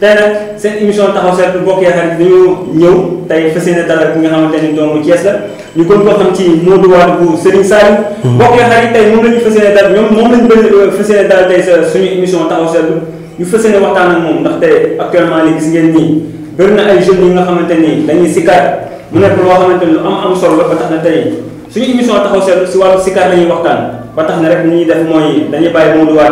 tey nag seen émission taxaw seetlu bokk yaakaar ni dañu ñëw tey fas yéene dalal bi nga xamante ni doomu la ñu ko koo xam ci Modou Wade bu Serigne Saliou hmm. bokk yaakaar yi tey moom la ñu fas yéene ñu bëgg euh, fas yéene tey sa suñu émission taxaw seetlu ñu fas yéene waxtaan ak moom ndax tey actuellement ni gis ngeen nii bëri ay jeunes yi nga xamante ni dañuy sikar mu nekk loo xamante ni lu am am solo la ba tax na tey suñu émission taxaw seetlu si waa sikar la ñuy waxtaan ba tax na rek ni ñuy def mooy dañuy bàyyi Modou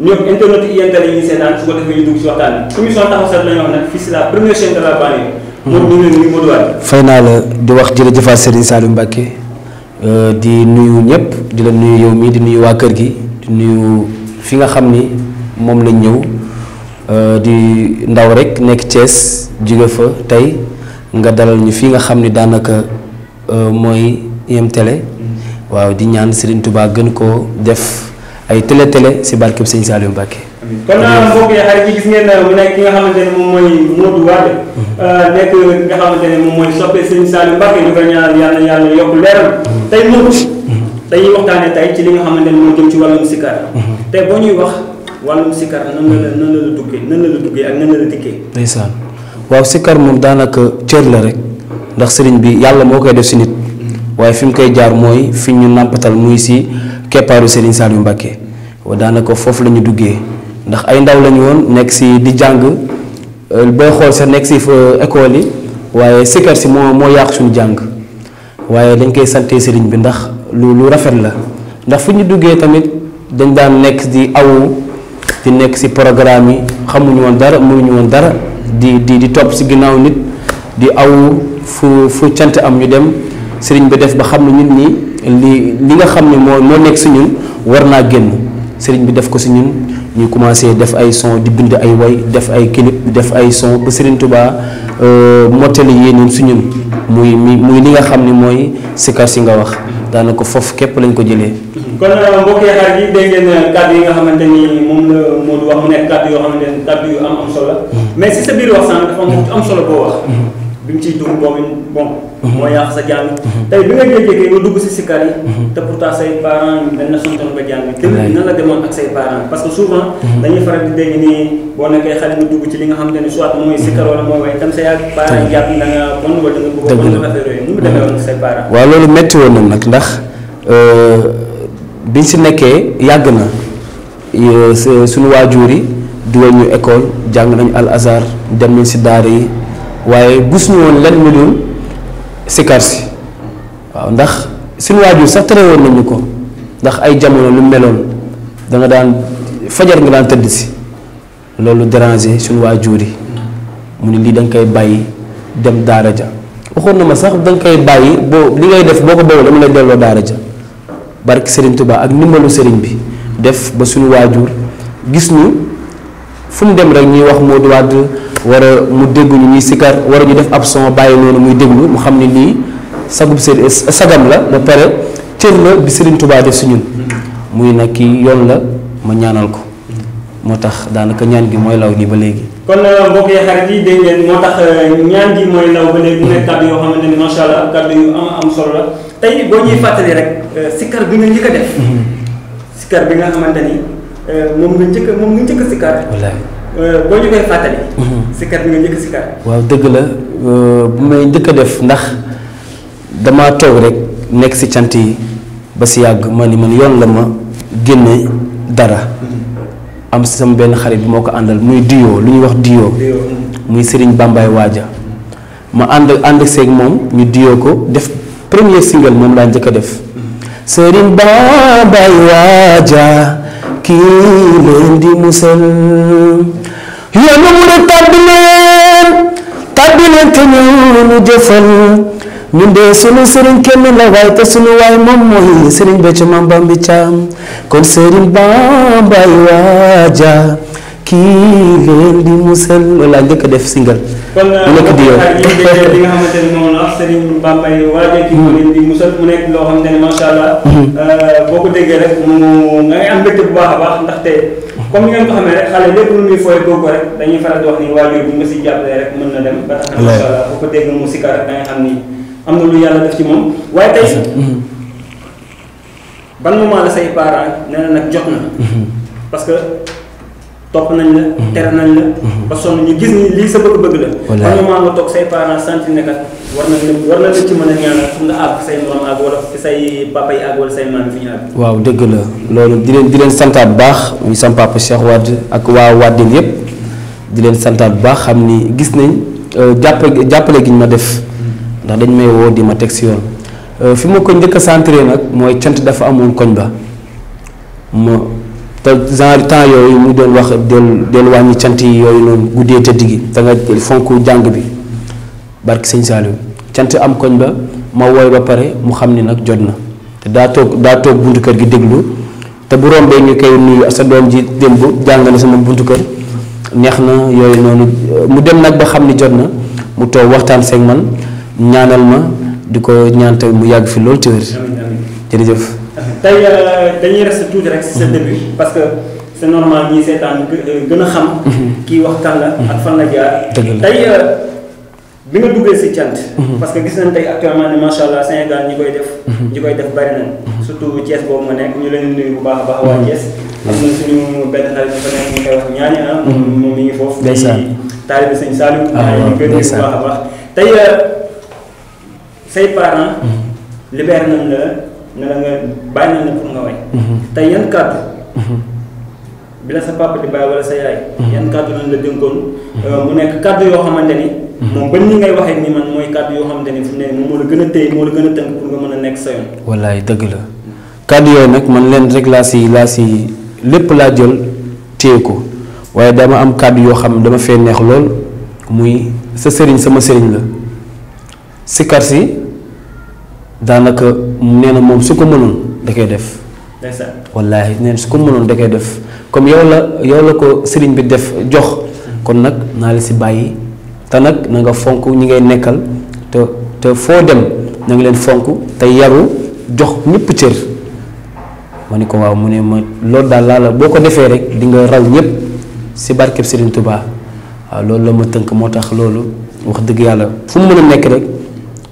ñok internet yi yental e yi ñu seetaan su ko defee ñu dug ci waxtaan bi son taxaw seet lañu wax nak fii la première chaîne de la bande mo ñu leen ñu Modou wat fayna la di wax jëfa Serigne salim Mbacké di nuyu ñëpp eh, di la nuyu yow mi di nuyu wa kër gi di nuyu fi nga xamni mom la ñëw eh, di ndaw rek nek ties jige fa tay nga dalal ñu fi nga xam ni euh moy yem télé hmm. waaw di ñaan Serigne Touba gën ko def ay télé télé si barkeb sëñ Saliou Mbacke. kon mbokk yi xarit yi gis ngeen mu nekk ki nga xamante ne moom mooy Modou mm-hmm. uh, sëñ Saliou Mbacke ñu ko yàlla yàlla yokk leeram mm-hmm. tey Modou mm-hmm. dañuy waxtaane tey ci li nga xamante ne moo jëm ci wàllum sikar tey boo ñuy wax wàllum sikar nan la nan la la duggee nan la la duggee ak nan la la dikkee ndeysaan waaw sikar moom daanaka cër la rek ndax sëriñ bi yàlla moo koy def si nit waaye fi mu koy jaar mooy fi ñu nàmpatal muy si keppaaru Serigne yu Mbacké daanaka foofu la ñu duggee ndax ay ndaw lañu woon nekk si di jàng euh, booy xool sa nekk si euh, école yi waaye sikar si moo moo yàq suñu jàng waaye dañ koy sante Serigne bi ndax lu lu rafet la ndax fu ñu duggee tamit dañ daan nekk di awu di nekk si programme yi xamuñu woon dara mënuñu woon dara di di di topp si ginnaaw nit di awu fu fu cant am ñu dem Serigne bi def ba xam ne nit ñi. li li nga xam ne moo moo nekk si ñun war naa génn sëriñ bi def ko si ñun ñu commencé def ay son di bind ay way def ay clip def ay son ba Sëriñ Tuubaa euh, mottali yéeneen si ñun muy muy li nga xam ni mooy sikar si nga wax daanaka foofu képp lañ ko jëlee. kon mbokki xarit yi dégg ngeen euh, kàddu yi nga xamante ni moom la Modou wax mu nekk kàddu yoo xamante ni kàddu yu am am solo mm-hmm. mais si sa biir wax sànq dafa am am solo boo wax. Mm-hmm. bi mu ciy dugg moom bon. Mhm. moo yàq sa jàng. Mhm. tey bi nga jékki-jékki nga dugg si sikkar yi. Mhm. te pourtant say parents dañ na sontoon nga jàng. wallaay nan la demoon ak say parents parce que souvent. dañuy faral li nga xamante ni soit mooy sikkar wala mooy loolu métti woon nag ndax euh, biñ si nekkee yàgg na suñu waajur yi dugal ñu école jàng nañu al azar dem nañ si daara yi. waaye gis ñu woon lenn lu dul sikar si waaw ndax suñu waajur sax tere woon nañu ko ndax ay jamono lu meloon danga daan fajar nga daan tëdd si loolu déranger suñu waajur yi mu ne lii da koy bàyyi dem daara ja waxoon na ma sax da koy bàyyi boo li ngay def boo ko bawul dama lay delloo daara ja barke Serigne Touba ak ndimbalu Serigne bi def ba suñu waajur gis ñu. fu mu dem rek ñuy wax Modou Wade war a mu dégguñu ñuy sikar war a ñu def ab son bàyyi noonu muy déglu mu xam ne lii sagub seen sagam la ba pare cër la bi Serigne Touba def si ñun muy nag kii yoon la ma ñaanal ko moo tax daanaka ñaan gi mooy law nii ba léegi. kon euh, mbokk yi xarit yi dégg moo tax euh, ñaan gi mooy law ba léegi mu nekk kàddu yoo xamante ne macha allah kàddu yu am am solo la tey boo ñuy fàttali rek euh, sikar bi nga njëkk def. Mm-hmm. sikar bi nga xamante moom nga njëkk moom nga njëkk a sikar. wallaay euh, boo mhm. waaw dëgg la euh, bu may njëkk a def ndax dama toog rek nekk si cant yi ba si yàgg ma ni man yoon la ma génne dara. Mhm. am si sama benn xarit bi moo ko àndal muy duyoo lu ñuy wax duyoo. muy Serigne Bambaye Waaja. ma ànd ànd seek moom ñu duyoo ko def premier single moom laa njëkk a def. Mhm. Serigne Bambaye Waaja. kii leen di musal yéen a mun a tàbbi leen tàbbi leen te ñu jëfal ñun de sunu sëriñ kenn la waaye te sunu waay moom mooy sëriñ Béthio Maam Bambi Thiam kon sëriñ Bamba ay waaja kii leen di musal loolu laa njëkk a def single. mu nekk di yow ah, kon li nga xamante ne moom la Serigne Bambay waaye kii leen di musal mu nekk loo xamante ne macha allah. Mhm. Euh, boo ko déggee rek mu nga ngay am mbégte bu baax a baax ndaxte. comme ni ngeen ko xamee rek xale lépp lu muy fooy bokk rek dañuy faral di wax ni waajur bu nga si jàppalee rek mën na dem. ba tax na macha allah boo ko dégg mu sikka rek da nga xam ni am na lu yàlla def ci moom waaye tey. Mhm. ban moment la say parents nee na nag jot na. Mhm. parce que. topp nañ la. Mhm. tere nañ la. Mhm. ba sonn ñu gis ni lii sa bëgg-bëgg la. wallaahi xam nga toog say parents sant ne war nañ la war nañ la ci mën a ñaanal pour nga àgg say morom yi fi ñu àgg. waaw dëgg la loolu di leen di leen santaat bu baax muy sama papa ak waa Wadeen yëpp di leen santaat bu baax xam ni gis nañ euh, jàppale jàppale gi ñu ma def ndax dañ may woo di ma teg si yoon euh, fi ma ko njëkk a nag mooy cant dafa amoon koñ ba te genre temps yooyu mu doon wax del del wàññi yi yooyu noonu guddee tëdd gi da nga fonk jàng bi barki sëñ Saliou cant am koñ ba ma woy ba pare mu xam ni nag jot na te daa toog daa toog buntu kër gi déglu te bu rombee ñu koy nuyu sa doom ji démb jàng na sama buntu kër neex na yooyu noonu mu dem nag ba xam ni jot na mu toog waxtaan seeg man ñaanal ma di ko ñaantal mu yàgg fi loolu téwér jërëjëf tey euh, dañuy reste tuuti rek si sa mhm. début parce que c'est normal ñi seetaan euh, gën a xam. Mhm. kii wax kan la. ak fan la jaar. tey euh, bi nga duggee si cant. Mhm. parce que gis nañ tey actuellement ne macha allah Sénégal ñi koy def. ñi koy def bari nañ. surtout Thiès boobu nga nekk ñu leen nuyu bu baax a baax waa Thiès. am na suñu benn xarit bu fa nekk ñu koy ngi foofu. ndeysaan di taalibe sëñ Saliou. ñu koy nuyu bu baax a baax. tey say parents. libéré nañ la. nga la nga bàyyi na la pour nga way mhm. tey yan kàddu mhm. bi sa papa di bàyyi wala sa yaay mhm. yan kàddu lañ la dénkoon euh, mu nekk kàddu yoo xamante ni moom ni ngay waxee ni man mooy kàddu yoo xamante ni fu ne moom moo la gën a téye la gën tënk pour nga mën nekk sa yoon wallaay dëgg la kàddu man leen rek laa si laa si lépp jël ko dama am kàddu yoo xam dama fee neex lool muy sa sëriñ sama sëriñ la sikar nee na moom su ko mënoon da koy def. wallaahi neen na su ko mënoon da koy def comme yow la yow la ko sëriñ bi def jox. kon nag naa la si bàyyi te nag na nga fonk ñi ngay nekkal te te foo dem na nga leen fonk te yaru jox ñépp cër. ma ni ko waaw mu ne ma loolu daal laa la boo ko defee rek di nga raw ñëpp si barkeb Sëriñ Tuubaa waaw loolu la ma tënk moo tax loolu wax dëgg yàlla fu mu mën a nekk rek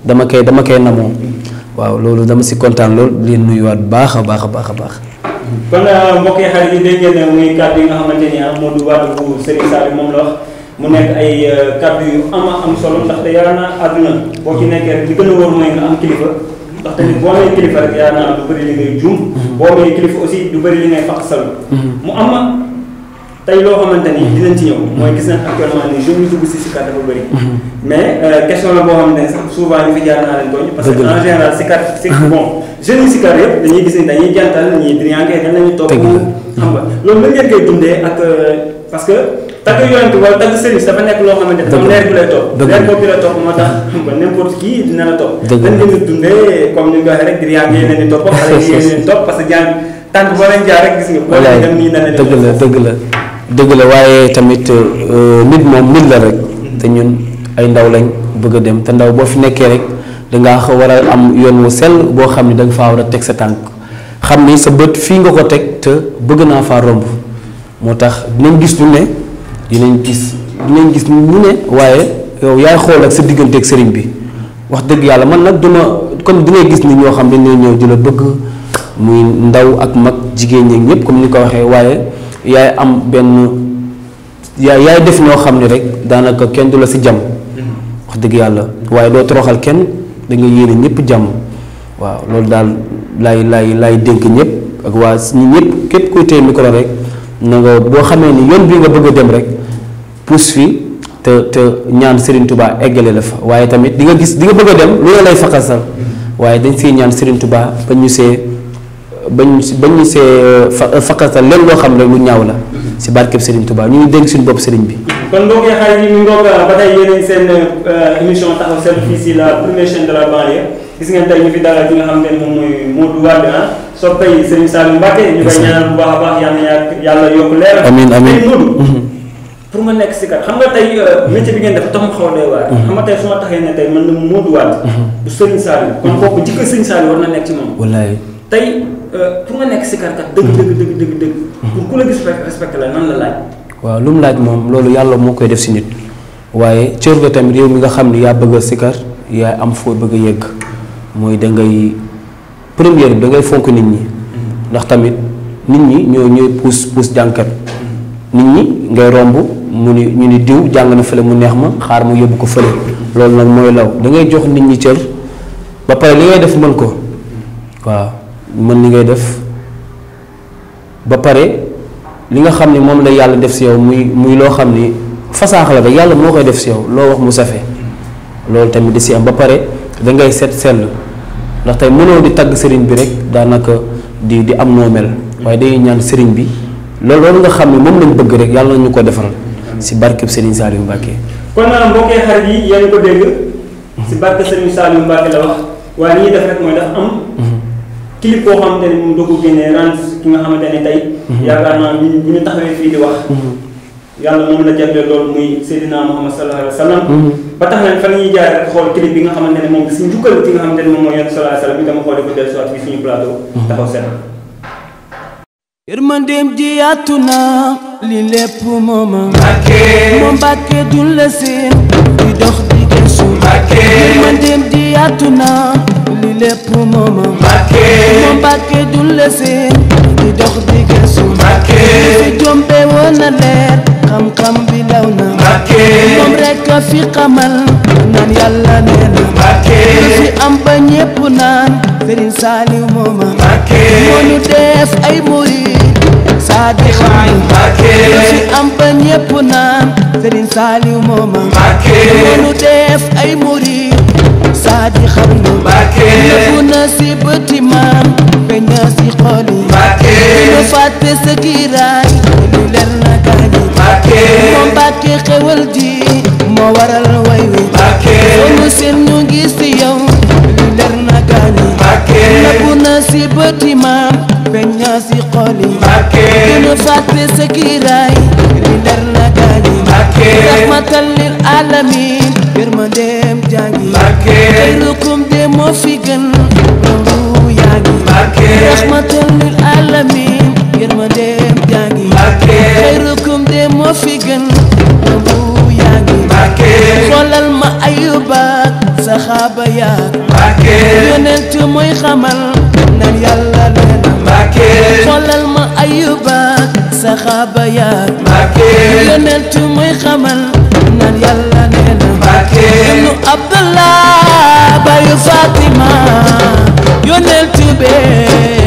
dama koy dama koy namoo waaw loolu dama si kontaan lool di leen nuyuwaat baax baax a baax a baax. kon euh, mbokk yi xarit yi dégg ngeen ne euh, muy kàddu yi nga xamante ni euh, Modou Wade moom la wax mu nekk ay kàddu yu ama am solo ndax te yaakaar àdduna boo ci nekkee rek li gën a wóor mooy nga am kilifa. ndax boo nee kilifa rek yaakaar naa du bëri li ngay juum. Mm-hmm. boo nee kilifa aussi du bëri li ngay faq salu mm-hmm. mu am tey loo xamante ni dinañ ci ñëw. mooy gis nañ actuellement ni jeunes yu dugg si Sika dafa bëri. Mm-hmm. mais euh, question la boo xam ne sax souvent ñu fi jaar naa mm-hmm. gis ni dañuy jantal ñii loolu la ngeen koy dundee ak euh, parce que. tagg yonent wala loo xamante ne leer bi lay topp leer boobu la topp moo tax xam nga n'importe dundee comme ni nga yi rek gis nga boo leen nii dëgg la dëgg la dëgg la waaye tamit euh, nit moom nit la rek te ñun ay ndaw lañ bëgg a dem te ndaw boo fi nekkee rek dangaa war a am yoon wu sell boo xam ne da nga faa war a teg sa tànk xam ni sa bët fii nga ko teg te bëgg naa faa romb moo tax dinañ gis lu ne dinañ gis dinañ gis lu ne waaye yow yaay ak sa diggante ak bi wax dëgg yàlla man nag duma comme dingay gis ni ñoo xam dañ lay ñëw di la bëgg muy ndaw ak mag jigéen ñi ñëpp comme ni ko waxee waaye yaay am benn yaa yaay def ñoo xam ne rek daanaka kenn du la si jàmm mm-hmm. wax dëgg yàlla waaye doo toroxal kenn da nga yéene ñëpp jàmm waaw loolu daal laay laay laay dénk ñëpp ak waa ñi ñëpp képp kuy téye micro rek na boo xamee ni yoon bi nga bëgg dem rek pousse fi te te ñaan Serigne tubaa eggale la fa waaye tamit di nga gis di bëgg a dem lu ne lay faqasal mm-hmm. waaye dañ siy ñaan Serigne Touba ba ñu bañ si bañ ñu see euh, fa euh, faqatal leen loo xam ne lu ñaaw la si barkeb Serigne Touba ñu ngi dénk suñu bopp Serigne bi. kon mbokk yi xarit yi ñu euh, ba tey yéen seen émission taxaw seetlu fii si la première chaîne de la banlieue gis ngeen tey ñu fi dalal ki nga xam ne moom mooy Modou Wade ah soppay Serigne Saliou Mbacké ñu koy ñaanal bu a baax yàlla na yàlla yokk leer. Mhm. a doy mhm. mhm. war na nekk ci moom. wallaay tey pour euh, nga nekk sikarkat dëgg dëgg dëgg dëgg dëgg ku la gis respecté la nan la laaj waaw lu laaj moom loolu yàlla moo koy def si nit waaye cër la tamit yow mi nga xam ne yaa bëgg a sikar yaa am foo bëgg a mooy da ngay première bi dangay fonk nit ñi ndax tamit nit ñi ñoo ñooy puus puus jànkat nit ñi ngay romb mu ni ñu ni diw jàng na fale mu neex ma xaar mu yóbbu ko fële loolu nag mooy law da jox nit ñi cër ba pare li ngay def mën ko waaw mën li ngay def ba pare li nga xam ni moom la yàlla def si yow muy muy loo xam ni fasaax la rek yàlla moo koy def si yow loo wax mu safe loolu tamit di si am ba pare da ngay set sell ndaxte tey mënoo di tagg sëriñ bi rek daanaka di di am noo mel waaye dañuy ñaan sëriñ bi loolu loolu nga xam ne moom lañ bëgg rek yàlla nañu ko defaral si barkeb Serigne Saliou Mbacké. kon nag mbokk xarit yi yaa ngi ko dégg. si barke Serigne Saliou Mbacké la wax waaye li ñuy def rek mooy daf clip boo xamante ne moom ko génnee rendre ki nga xamante ne tey yaakaar ñu bu ñu taxawee di wax yàlla moom la jagle loolu muy Seydina Muhammad sallallahu alayhi wa ba mhm. tax na fa ñuy jaar rek xool clip bi nga xamante ne moom si njukkal nga sallallahu suñu plateau taxaw li dun la di dox di gesu lépp mooma moom Mbacké la seen di dox di gëstu Mbacké fi jombe woon leer xam-xam bi law na Mbacké moom rekk a fi xamal naan yàlla nee na fi am ba ñépp naan Serigne Saliou mooma Mbacké moo ñu def ay fi am ba ñépp naan Serigne Saliou mooma Mbacké moo Sadi Khalilou Mbacké bu na si bëti maam feeñ na si xolu Mbacké lu fàtte sa kiiraay lu leer na kaani Mbacké moom Mbacké xewal ji moo waral way wi Mbacké sonu seen ñu ngi si yow lu leer na kaani Mbacké bu na si bëti maam feeñ na si xolu Mbacké lu fàtte sa kiiraay lu leer na kaani Mbacké rahmatan lil alamin في جنة يا جي رحمة للعالمين يرمى ديم يا جي خيركم ديم في جنة يا جي ولا المعيوبات سخابة يا يونت موي خمل نان يلا لنا ولا المعيوبات سخابة يا يونت موي خمل نان يلا لنا ابن عبد الله bayu Fatima yónneel tibee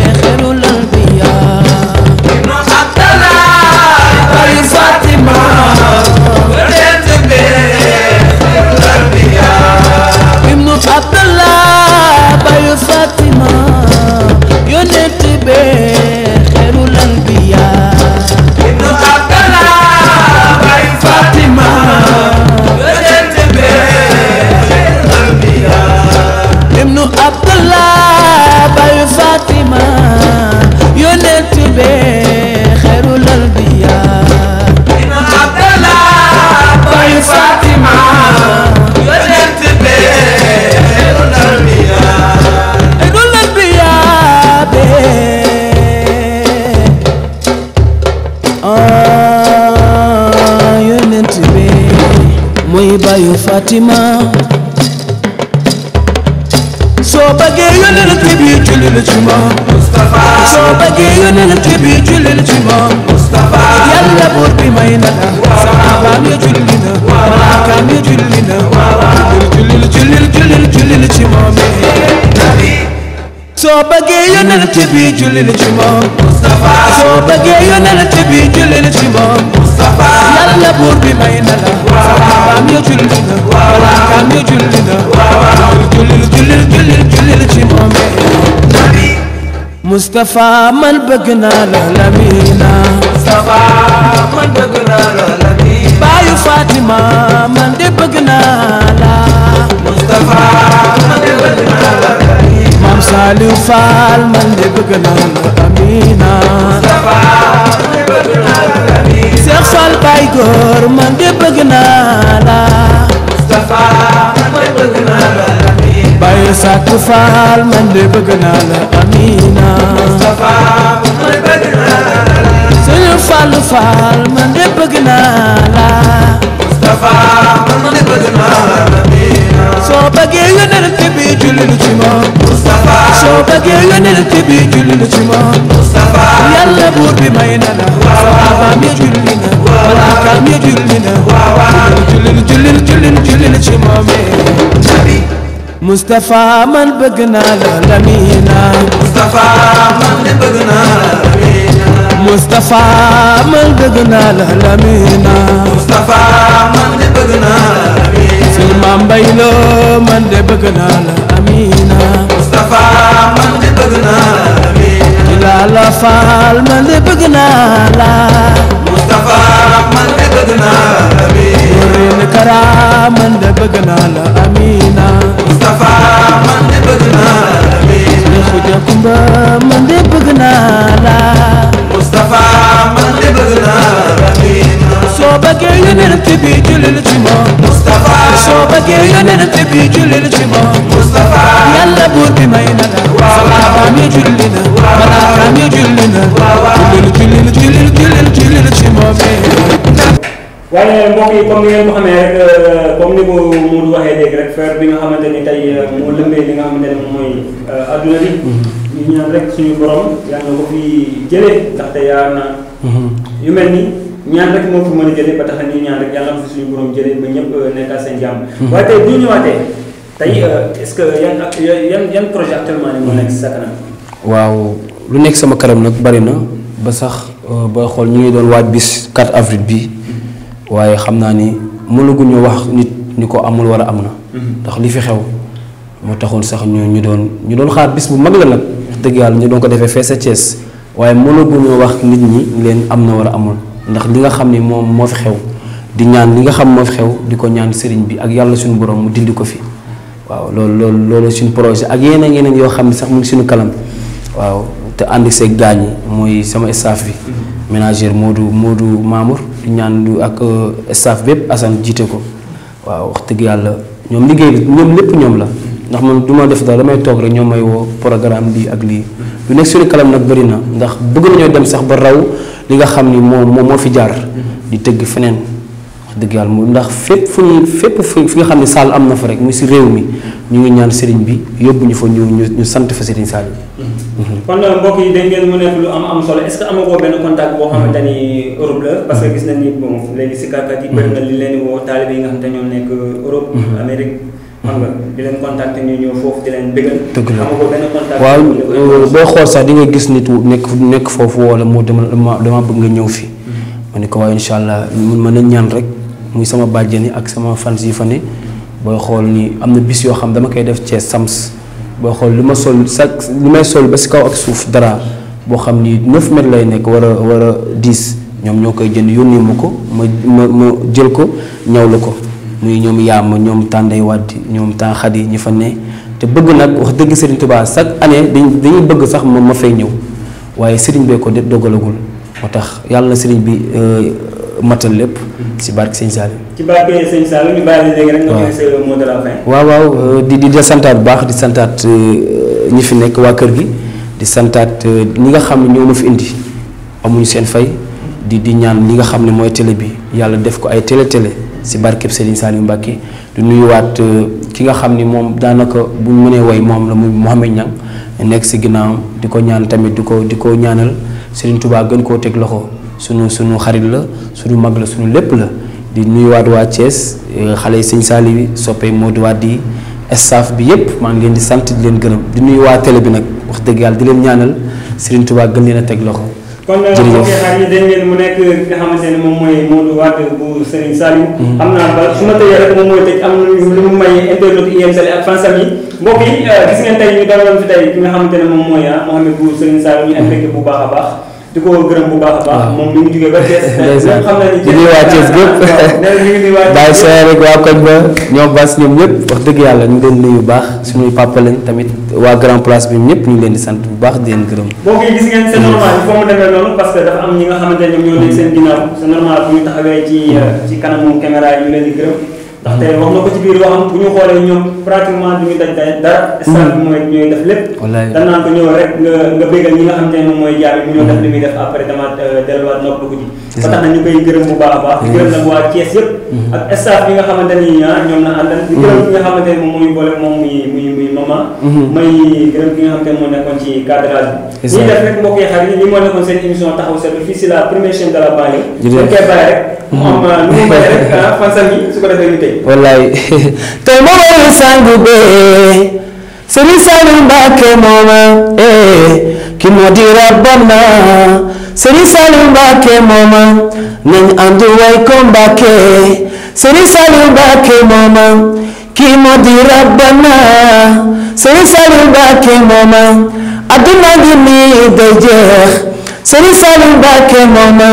Fatima soo bëggee yonent bi jullil ci moom Mustafa soo bëggee yonent bi jullil ci moom Mustafa yàlla buur bi may na la saxaabaam ya julli na malaakaam ya julli na jullil jullil jullil jullil ci moom soo bëggee yonent bi jullil ci moom Mustafa soo bëggee yonent bi jullil ci moom Mustafa yàlla buur bi may na la Moustapha man bëgg naa la Lamina. Bayu Fatima man de bëgg naa la. Moustapha man de bëgg naa la Lamina. Maam Saliou Fall man de bëgg naa la Lamina. Moustapha man de bëgg naa la Lamina. Cheikh Fall Baye man de bëgg naa la. Moustapha man bëgg naa la Lamina. Baye Sakku Faal man de bëgg naa la Amina. Moustapha man bëgg naa la. Sëriñ Fallou Faal man de bëgg naa la. Moustapha man soo bëggee yonent bi julli lu ci moom. Moustapha soo bëggee yonent bi julli lu ci moom. Moustapha yàlla buur bi may na la. saxaaba mi julli na. malaaka mi julli na. julli julli julli julli ci moom Moustapha man bëgg naa la Lamina. Moustapha man de bëgg naa la Lamina. Moustapha man bëgg naa la Lamina. Moustapha man de bëgg naa la Lamina. Silma Mbay lo man de bëgg naa la Amina. Moustapha man de bëgg naa la Lamina. Dilala Faal man de bëgg naa la. Moustapha man de bëgg naa la Lamina. Moreen Kara man de bëgg naa la. bëggee yonent bi jullil ci moom Moustapha soo bëggee yonent ci moom Moustapha yàlla buur bi may na la salaam yi yi ni ngeen ko xamee rek euh, comme ni ko Modou waxee léegi rek fer nga xamante ni tey euh, moo lëmbee li nga xamante ne mooy euh, adduna bi ñu mm-hmm. ñaan rek suñu borom yàlla na ko fi jëlee ndaxte yaa na mm-hmm. yu mel nii ñaan rek mo fi mëna jëlé ba tax ñu ñaan rek yàlla am fi suñu borom jëlé ba ñëpp nekk nekkaat seen jamm waaye tay bu ñu waté tay est ce que yan yeen yeen projet actuellement ni moo nekk sa kanam waaw lu nekk sama kanam nak bari na eh, ba sax ba xol ñu ngi doon waaj bis 4 avril bi waaye xam naa ni mënaguñu wax nit ni ko amul wala am na hmm. ndax li fi xew mo taxoon sax ñu ñu doon ñu doon xaar bis bu mag la nag wax dëgg yàlla ñu doon ko defee fees a Thiès waaye mënaguñu wax nit ñi leen am na wala amul ndax li nga xam ni moom moo fi xew di ñaan li nga xam moo fi xew di ko ñaan sëriñ bi ak yàlla suñu borom mu dindi ko fii waaw loolu loolu loolu suñu projet ak yeneen yeneen yoo xam ne sax mu ngi suñu kalam waaw te ànd seeg gaañ yi mooy sama staff bi ménagère Modou Modou Mamour ñaan ak euh, staff bépp Assane jiite ko waaw wax dëgg yàlla ñoom liggéey bi ñoom ñoom la ndax man du moo def dara damay toog rek ñoom may woo programme bi ak lii lu nekk suñu kalam nag bëri na ndax bëgg nañoo dem sax ba raw li nga xam ni moo moo moo fi jaar di tëgg feneen wax dëgg yàlla mu ndax fépp fu fépp fu fi nga xam ne saal am na fa rek mu si réew mi ñu ngi ñaan sëriñ bi yóbbu ñu fa ñu ñu ñu sant fa sëriñ Saliou. Mhm. kon mbokk yi da ngeen solo est-ce que benn contact boo xamante ni Europe la parce que gis nañ ni bon léegi si kàkkat yi bëri na li leen di woo taalibe yi nga xam te ñoom nekk Europe mhm. Amérique. xam nga di leen contacter la waaw euh, booy xool sax dinga gis nit nekk nekk foofu wala moo dama dama bëgg nga ñëw fii mm-hmm. ma ne ko waaye incha allah mun mën a ñaan rek muy sama bàjjani ak sama fan yi fa ne booy xool nii am na bis yoo xam dama koy def cee sams boo xool li ma sol sax li may sol ba si kaw ak suuf dara boo xam ni 9 mètres lay nekk wara a war ñoom ñoo koy jënd yónnee ma ko ma ma ma jël ko ñaw la ko. muy ñoom yàmm ñoom tànday wadd ñoom temps xadi ñi fa ne te bëgg nag wax dëgg Serigne Touba chaque année dañuy bëgg sax moom ma fay ñëw waaye Serigne bee ko dogalagul moo tax yàlla na Serigne bi euh, matal lépp si barke Sëñ Salim. ci barke Sëñ Salim waaw waaw euh, di di santaat bu baax di santaat euh, ñi fi nekk waa kër gi di santaat ñi nga xam ne ñoo ma fi indi amuñu seen fay. di di ñaan li nga xam ne mooy télé bi yàlla def ko ay télé télé si barkeb Serigne Saliou Mbacké di nuyuwaat euh, ki nga xam ni moom daanaka bu ñu mënee woy moom la muy Mouhamed Niang nekk si ginnaawam di ko ñaan tamit di ko di ko ñaanal Serigne Touba gën koo teg loxo sunu xarit la sunu mag la sunu lépp la di nuyuwaat waa Thiès euh, xale sëñ Saliou yi soppe Modou Wade staff bi yëpp maa ngi leen di sant di leen gërëm di nuyu waa télé bi nag wax dëgg yàlla leen ñaanal Serigne Touba gën leen a teg loxo. kon euh, mbokk xaar yi dañ leen mu nekk ki nga xamante ne moom mooy Modou Wade bu Serigne Saliou mm-hmm. xam naa ba su ma tëjee rek moom mooy tëj am lu mu may internet IMTV ak fansam yi mbokk yi euh, gis ngeen tey ñu daloon fi tey ki nga xamante ne moom mooy ah, Mohamed bu Serigne Saliou ñu mm-hmm. affecté bu baax a baax di ko gërëm bu baax a baax. moom mi ngi jugee ba Thiès. xam nañu Thiès ñu waa Thiès gépp. Baye Sow rek waa koñ ba ñoom Bass ñoom ñëpp wax dëgg yàlla ñu leen nuyu baax suñuy papa leen tamit waa grand place bi ñëpp ñu leen di sant bu baax di leen gërëm. boo ko gis ngeen c'est mmh. normal il faut mu demee noonu parce que dafa am ñi nga xamante ñoom ñoo nekk seen ginnaaw c'est normal bu ñu taxawee ci euh, ci kanamu caméra ñu leen di gërëm. ndaxte hmm. wax nga ko ci biir waxam bu ñu xoolee ñoom pratiquement duñu daj daj dara hmm. stade bi mooy ñooy def lépp dañ naan ko ñëw rek nga nga bégal ñi nga xam te ne mooy jaar bi ñoo def li muy def après dama euh, delluwaat nopp ko ji ba tax na ñu koy gërëm bu baax a baax gërëm nag waa Thiès yëpp hmm. ak stade bi nga xamante ni ah ñoom na àndal di gërëm ki nga xamante ne moom muy boole moom muy muy muy mama may gërëm ki nga xamante ne moo nekkoon ci cadrage bi ñuy def rek mbokk yi xarit yi li moo nekkoon seen émission taxaw seetlu fii si la première chaîne de la banlieue dañ rek mu euh, am mu bàyyi rek ah, fansam yi su ko defee ñu tëj wallaay tey moom mooy sangu bee Serigne Saliou Mbacké mooma e, ki moo di rabbana Serigne Saliou Mbacké mooma nañ andu way ko Mbacké Serigne Saliou Mbacké mooma ki moo di rabbana Serigne Saliou Mbacké mooma adduna gi nii day jeex Serigne Saliou Mbacké mooma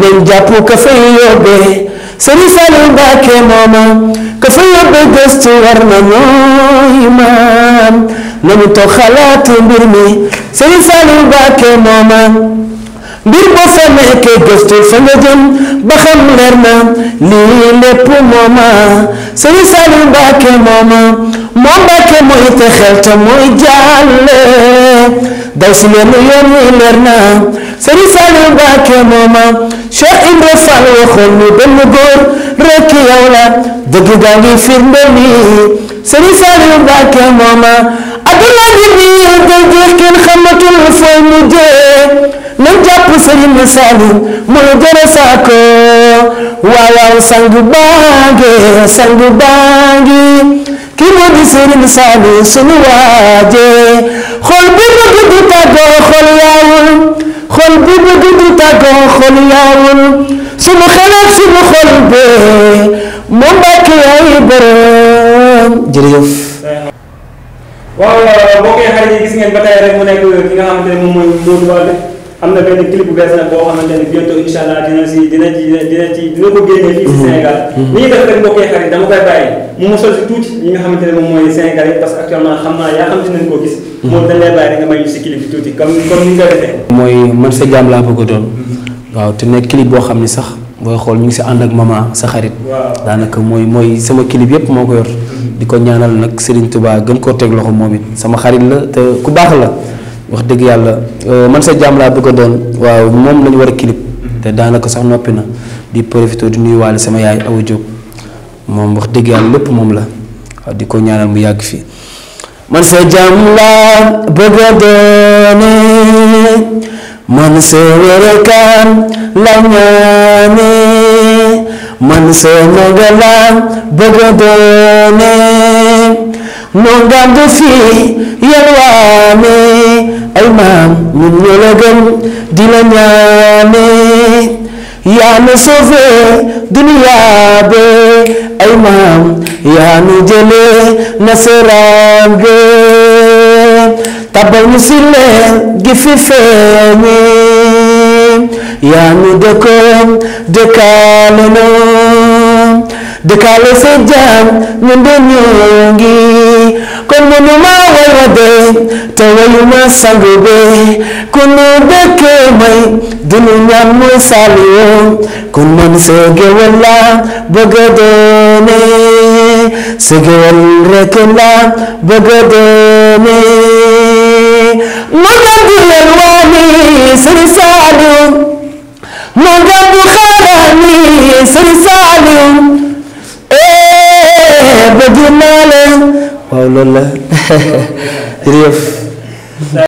nañ jàpp ka fay yóbbee sëriñ Saliou Mbacké mooma ka fa yóbbu gëstu war na nooy maam nañu toog xalaat mbir mi sëriñ mooma mbir boo fa nekkee gëstu fa nga jëm ba xam leer na lii lépp mooma sëriñ Saliou Mbacké mooma moom Mbacké mooy te xel te mooy jàlle daw si leen yoon wi leer na sëriñ mooma شاعر رفع وخلني بالنقور ركي يا ولا دقي دقي في المني سري سري وباك يا ماما أبي أدلا نبي دقي كن خمة الفوي مدي من جاب سري مسالي مدر ساكو واو سانغ باغي سانغ باغي كي مدي سري مسالي سنواجي xol bi bëgg di tàggoo xol yaawul xol bi bëgg di tàggoo xol yaawul sunu xel ak sunu xol bee mu mbàkk yaay borom jërëjëf. waaw mbokk yi xarit yi gis ngeen ba tey rek mu nekk ki nga xamante ne moom mooy Modou Wade am na xam naa yaa xam dinañ koo gis mhm. moom dañ bàyyi da may ñu si clip bi tuuti comme comme ni nga defee mooy man sa jaam laa bëgg doon mhm. waaw te nekk clip boo xam ne sax booy xool ñu ngi si ànd ak maman sa xarit daanaka mooy mooy sama clip yëpp moo ko yor mhm. di ko ñaanal nag Serigne Touba gën koo teg loxo moom it sama xarit la te ku baax la wax deug yalla euh, man sa jam la bëgg doon waaw mom lañu wara clip mhm. té danaka sax nopi na di profito du nuyu walé sama yaay awu jog mom wax deug yalla lepp mom la di ko ñaanal mu yag fi man sa jam la bëgg doon man sa wara kan la ñaané man sa nagala bëgg doon ngam du fi yelwaane ay maam ñun ñoo la gëm di la ñaane yaa nu sauvé dunia be ay maam yaa nu jële nasaraan be tabal ñu si leer gi fi feeñe yaa nu dëkkoon dëkkaale noon dëkkaale sa jaam ñun de ñoo ngi kon mënu maa way wa dee تويما سنغبي كنو بكيمي دنيا مساليو كنو سيجي ولا بغدوني سيجي ولا كلا بغدوني مغد الوالي سرسالو مغد خلاني سرسالو ايه بدي مالي والله الله يريف So